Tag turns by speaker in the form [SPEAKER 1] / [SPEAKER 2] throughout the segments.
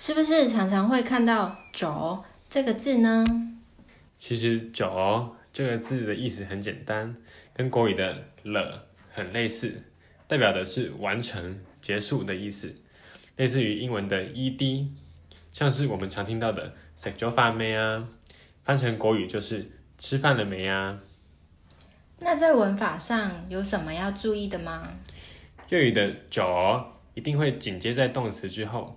[SPEAKER 1] 是不是常常會看到“咗”這個字呢？
[SPEAKER 2] 其實“咗”這個字的意思很簡單，跟國語的“了”很類似，代表的是完成、結束的意思，類似於英文的 “ed”，像是我們常聽到的“食咗飯未啊”，翻成國語就是“吃飯了沒啊”。
[SPEAKER 1] 那在文法上有什麼要注意的嗎？
[SPEAKER 2] 粵語的“咗”一定會緊接在動詞之後。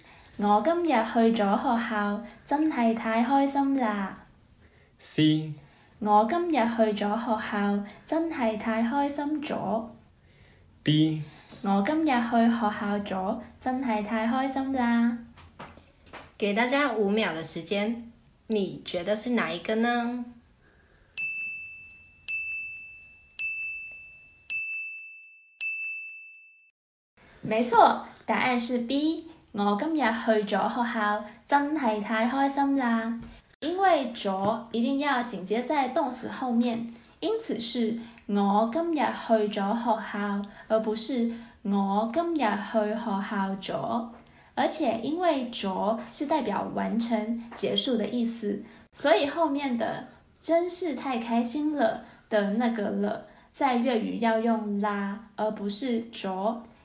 [SPEAKER 3] 我今日去咗學校，真係太開心啦。
[SPEAKER 2] C。
[SPEAKER 3] 我今日去咗學校，真係太開心咗。
[SPEAKER 2] D。
[SPEAKER 3] 我今日去學校咗，真係太開心啦。給大家五秒的時
[SPEAKER 1] 間，你覺得是哪一個呢？
[SPEAKER 3] 沒錯，答案是 B。我今日去咗學校，真係太開心啦！因為咗一定要緊接在動詞後面，因此是我今日去咗學校，而不是我今日去學校咗。而且因為咗是代表完成、結束的意思，所以後面的真是太開心了的那個了，在粵語要用啦，而不是咗。